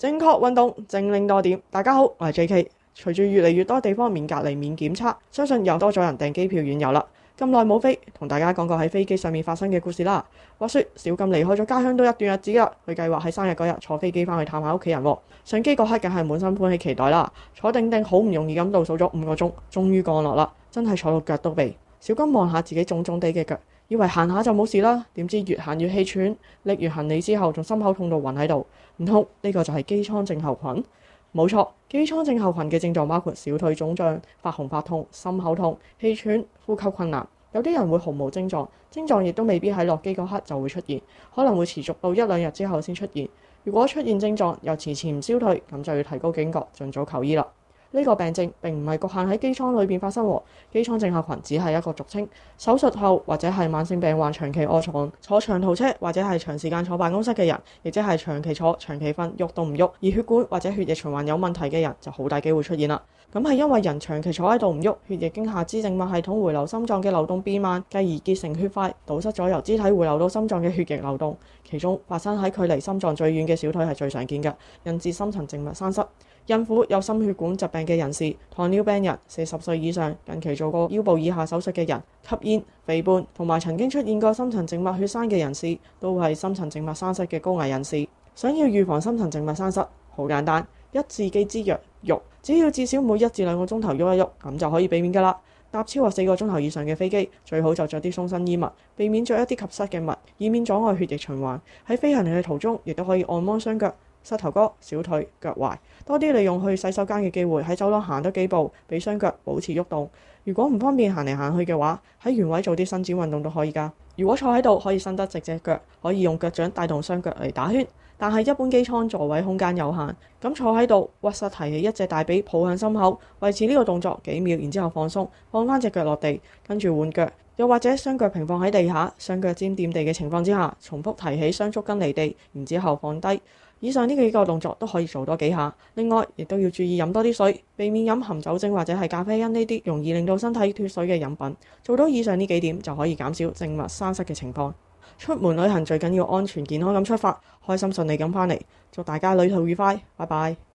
正確運動正令多點，大家好，我係 J.K.。隨住越嚟越多地方免隔離免檢測，相信又多咗人訂機票遠遊啦。咁耐冇飛，同大家講過喺飛機上面發生嘅故事啦。話說小金離開咗家鄉都一段日子啦，佢計劃喺生日嗰日坐飛機翻去探下屋企人。上機嗰刻梗係滿心歡喜期待啦，坐定定好唔容易咁倒數咗五個鐘，終於降落啦，真係坐到腳都痹。小金望下自己腫腫地嘅腳。以為行下就冇事啦，點知越行越氣喘，拎完行李之後仲心口痛到暈喺度。唔通呢個就係機艙症候群？冇錯，機艙症候群嘅症狀包括小腿腫脹、發紅發痛、心口痛、氣喘、呼吸困難。有啲人會毫無症狀，症狀亦都未必喺落機嗰刻就會出現，可能會持續到一兩日之後先出現。如果出現症狀又遲遲唔消退，咁就要提高警覺，盡早求醫啦。呢個病症並唔係局限喺機艙裏邊發生喎，機艙症候群只係一個俗稱。手術後或者係慢性病患長期臥床、坐長途車或者係長時間坐辦公室嘅人，亦即係長期坐、長期瞓、喐都唔喐而血管或者血液循環有問題嘅人，就好大機會出現啦。咁係因為人長期坐喺度唔喐，血液經下肢靜脈系統回流心臟嘅流動變慢，繼而結成血塊，堵塞咗由肢體回流到心臟嘅血液流動。其中發生喺距離心臟最遠嘅小腿係最常見嘅，引致深層靜脈栓塞。孕婦、有心血管疾病嘅人士、糖尿病人、四十歲以上、近期做過腰部以下手術嘅人、吸煙、肥胖同埋曾經出現過深層靜脈血栓嘅人士，都係深層靜脈栓塞嘅高危人士。想要預防深層靜脈栓塞，好簡單，一字記之曰，喐，只要至少每一至兩個鐘頭喐一喐，咁就可以避免㗎喇。搭超過四個鐘頭以上嘅飛機，最好就着啲鬆身衣物，避免着一啲及膝嘅襪，以免阻礙血液循環。喺飛行嘅途中，亦都可以按摩雙腳。膝頭哥，小腿、腳踝。多啲利用去洗手間嘅機會，喺走廊行多幾步，俾雙腳保持喐動。如果唔方便行嚟行去嘅話，喺原位做啲伸展運動都可以噶。如果坐喺度，可以伸得直隻腳，可以用腳掌帶動雙腳嚟打圈。但係一般機艙座位空間有限，咁坐喺度屈膝提起一隻大髀抱向心口，維持呢個動作幾秒，然之後放鬆，放翻隻腳落地，跟住換腳。又或者雙腳平放喺地下，雙腳尖掂地嘅情況之下，重複提起雙足跟離地，然之後放低。以上呢幾個動作都可以做多幾下，另外亦都要注意飲多啲水，避免飲含酒精或者係咖啡因呢啲容易令到身體脫水嘅飲品。做到以上呢幾點就可以減少靜脈栓塞嘅情況。出門旅行最緊要安全健康咁出發，開心順利咁返嚟。祝大家旅途愉快，拜拜。